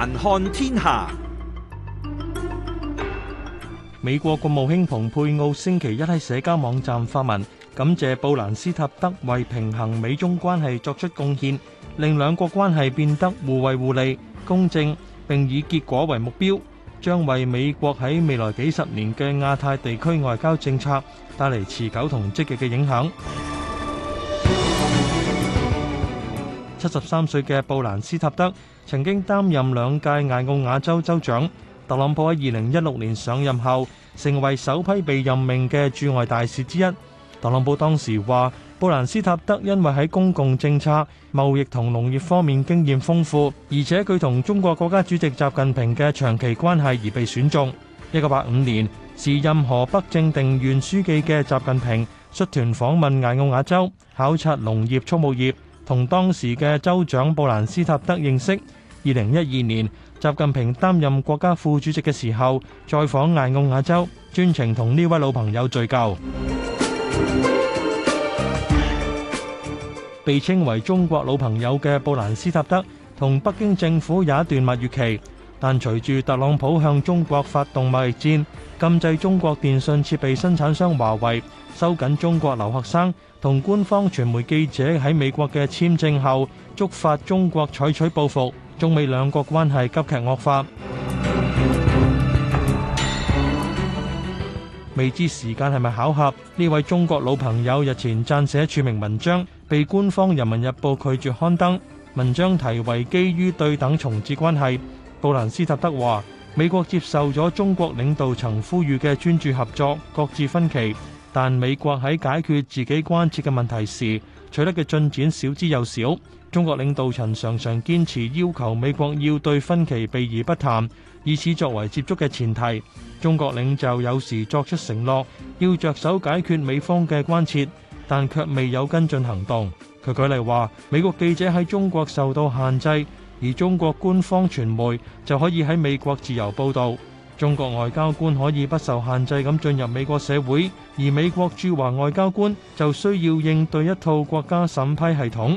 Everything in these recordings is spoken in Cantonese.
環看天下，美國國務卿蓬佩奧星期一喺社交網站發文，感謝布蘭斯塔德為平衡美中關係作出貢獻，令兩國關係變得互惠互利、公正，並以結果為目標，將為美國喺未來幾十年嘅亞太地區外交政策帶嚟持久同積極嘅影響。七十三歲嘅布蘭斯塔德曾經擔任兩屆艾奧瓦州州長。特朗普喺二零一六年上任後，成為首批被任命嘅駐外大使之一。特朗普當時話：布蘭斯塔德因為喺公共政策、貿易同農業方面經驗豐富，而且佢同中國國家主席習近平嘅長期關係而被選中。一九八五年，時任河北正定縣書記嘅習近平率團訪問艾奧瓦州，考察農業、畜牧業。同當時嘅州長布蘭斯塔德認識。二零一二年，習近平擔任國家副主席嘅時候，再訪艾奧瓦州，專程同呢位老朋友聚舊。 被稱為中國老朋友嘅布蘭斯塔德，同北京政府有一段蜜月期，但隨住特朗普向中國發動貿易戰，禁制中國電信設備生產商華為，收緊中國留學生。同官方傳媒記者喺美國嘅簽證後，觸發中國採取報復，中美兩國關係急劇惡化。 未知時間係咪巧合？呢位中國老朋友日前撰寫署名文章，被官方《人民日報》拒絕刊登。文章題為《基於對等重置關係》。布蘭斯塔德話：美國接受咗中國領導層呼籲嘅專注合作，各自分歧。但美國喺解決自己關切嘅問題時取得嘅進展少之又少。中國領導層常常堅持要求美國要對分歧避而不談，以此作為接觸嘅前提。中國領袖有時作出承諾要着手解決美方嘅關切，但卻未有跟進行動，佢舉例話美國記者喺中國受到限制，而中國官方傳媒就可以喺美國自由報道。中國外交官可以不受限制咁進入美國社會，而美國駐華外交官就需要應對一套國家審批系統。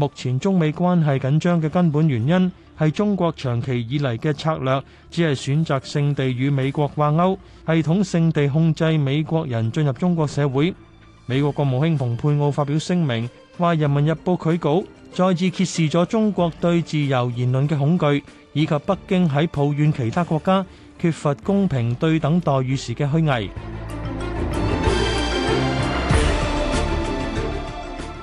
目前中美關係緊張嘅根本原因係中國長期以嚟嘅策略，只係選擇性地與美國掛鈎，系統性地控制美國人進入中國社會。美國國務卿蓬佩奧發表聲明，話人民日報拒稿，再次揭示咗中國對自由言論嘅恐懼，以及北京喺抱怨其他國家缺乏公平對等待遇時嘅虛偽。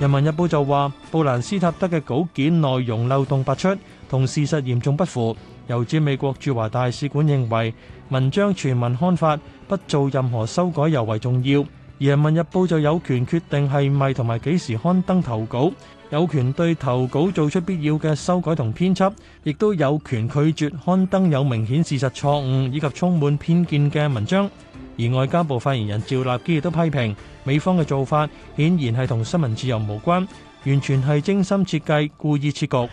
《人民日報》就話：布蘭斯塔德嘅稿件內容漏洞百出，同事實嚴重不符。又指美國駐華大使館認為文章全文刊發，不做任何修改尤為重要。而《人民日報》就有權決定係咪同埋幾時刊登投稿，有權對投稿做出必要嘅修改同編輯，亦都有權拒絕刊登有明顯事實錯誤以及充滿偏見嘅文章。而外交部發言人趙立堅亦都批評美方嘅做法，顯然係同新聞自由無關，完全係精心設計、故意設局。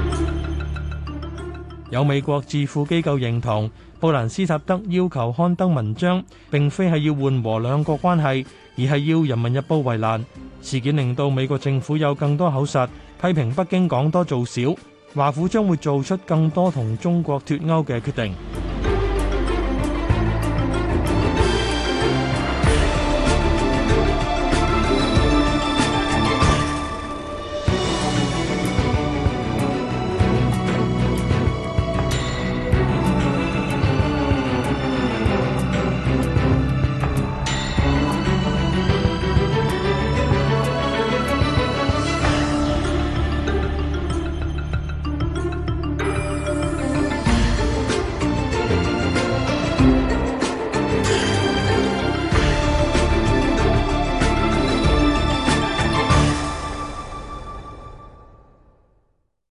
有美國智庫機構認同布蘭斯塔德要求刊登文章，並非係要緩和兩國關係，而係要人民日報為難。事件令到美國政府有更多口實，批評北京講多做少。華府將會做出更多同中國脱鈎嘅決定。